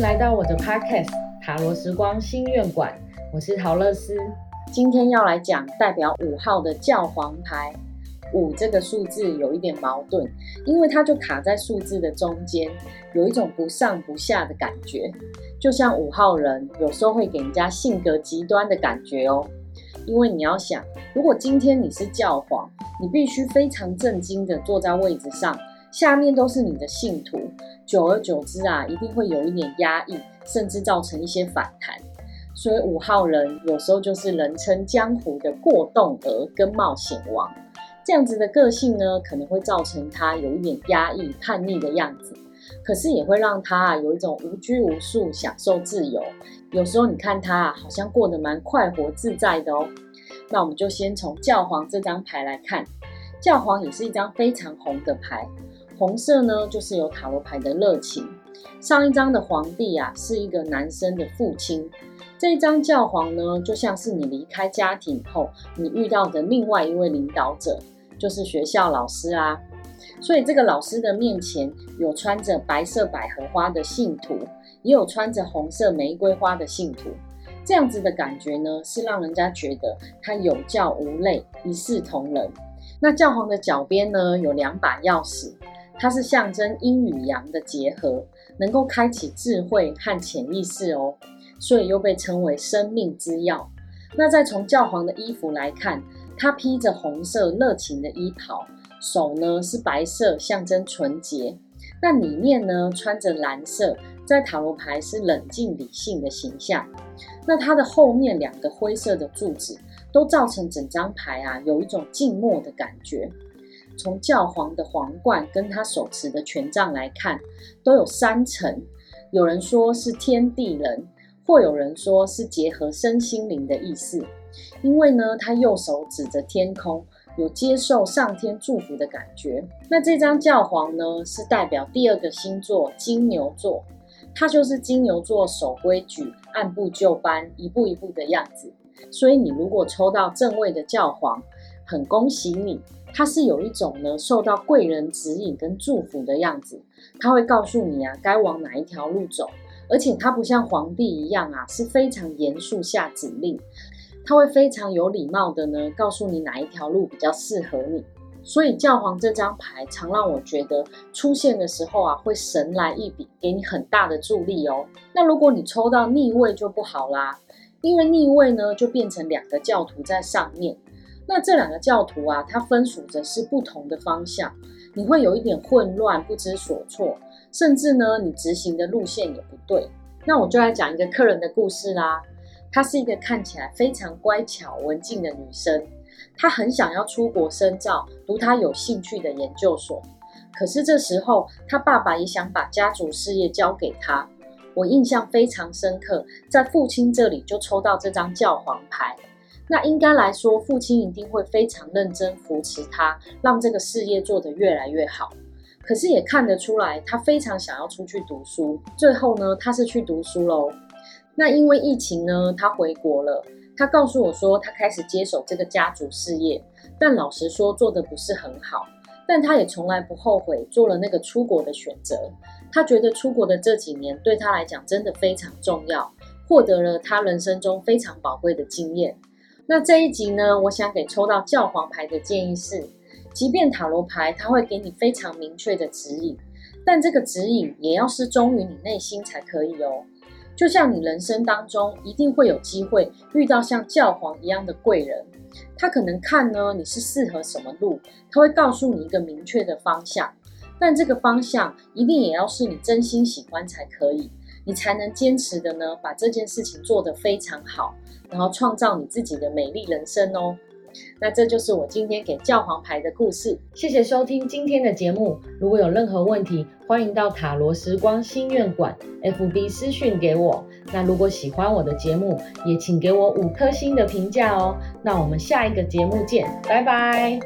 來到我的 podcast 塔羅時光心願館，我是桃樂絲。今天要來講代表五號的教皇牌。五這個數字有一點矛盾，因為它就卡在數字的中間，有一種不上不下的感覺，就像五號人有時候會給人家性格極端的感覺哦。因為你要想，如果今天你是教皇，你必須非常正經的坐在位置上。下面都是你的信徒，久而久之啊，一定會有一點壓抑，甚至造成一些反彈。所以五號人有時候就是人稱江湖的過動兒跟冒險王，這樣子的個性呢，可能會造成他有一點壓抑、叛逆的樣子，可是也會讓他有一種無拘無束、享受自由。有時候你看他啊，好像過得蠻快活自在的哦。那我們就先從教皇這張牌來看，教皇也是一張非常紅的牌。紅色呢，就是有塔羅牌的熱情。上一張的皇帝啊，是一個男生的父親。這一張教皇呢，就像是你離開家庭後，你遇到的另外一位領導者，就是學校老師啊。所以這個老師的面前有穿着白色百合花的信徒，也有穿着紅色玫瑰花的信徒。這樣子的感覺呢，是讓人家覺得他有教無類，一視同仁。那教皇的腳邊呢，有兩把鑰匙。它是象徵陰與陽的結合，能夠開啟智慧和潛意識哦，所以又被稱為生命之鑰。那再從教皇的衣服來看，他披着紅色熱情的衣袍，手呢是白色，象徵純潔。那裡面呢，穿着藍色，在塔羅牌是冷靜理性的形象。那它的後面兩個灰色的柱子，都造成整張牌啊有一種靜默的感覺。從教皇的皇冠跟他手持的權杖來看，都有三層。有人說是天地人，或有人說是結合身心靈的意思。因為呢，他右手指着天空，有接受上天祝福的感覺。那這張教皇呢，是代表第二個星座金牛座，它就是金牛座守規矩、按部就班、一步一步的樣子。所以你如果抽到正位的教皇，很恭喜你。他是有一種呢，受到貴人指引跟祝福的樣子，他會告訴你啊，該往哪一條路走，而且他不像皇帝一樣啊，是非常嚴肅下指令，他會非常有禮貌的呢告訴你哪一條路比較適合你，所以教皇這張牌常讓我覺得出現的時候啊，會神來一筆給你很大的助力哦。那如果你抽到逆位就不好啦，因為逆位呢就變成兩個教徒在上面。那這兩個教徒啊，他分屬着是不同的方向，你會有一點混亂、不知所措，甚至呢，你執行的路線也不對。那我就來講一個客人的故事啦。她是一個看起來非常乖巧、文靜的女生，她很想要出國深造，讀她有興趣的研究所。可是這時候，她爸爸也想把家族事業交給她。我印象非常深刻，在父親這裡就抽到這張教皇牌。那應該來說，父親一定會非常認真扶持他，讓這個事業做得越來越好。可是也看得出來，他非常想要出去讀書。最後呢，他是去讀書嘍。那因為疫情呢，他回國了。他告訴我說，他開始接手這個家族事業，但老實說做得不是很好。但他也從來不後悔做了那個出國的選擇。他覺得出國的這幾年對他來講真的非常重要，獲得了他人生中非常寶貴的經驗。那這一集呢，我想給抽到教皇牌的建議是，即便塔羅牌它會給你非常明確的指引，但這個指引也要是忠於你內心才可以哦。就像你人生當中一定會有機會遇到像教皇一樣的貴人，他可能看呢你是適合什麼路，他會告訴你一個明確的方向，但這個方向一定也要是你真心喜歡才可以。你才能堅持的呢，把這件事情做得非常好，然後創造你自己的美麗人生哦。那這就是我今天給教皇牌的故事。謝謝收聽今天的節目。如果有任何問題，歡迎到塔羅食光心願館 FB 私訊給我。那如果喜歡我的節目，也請給我五顆星的評價哦。那我們下一個節目見，拜拜。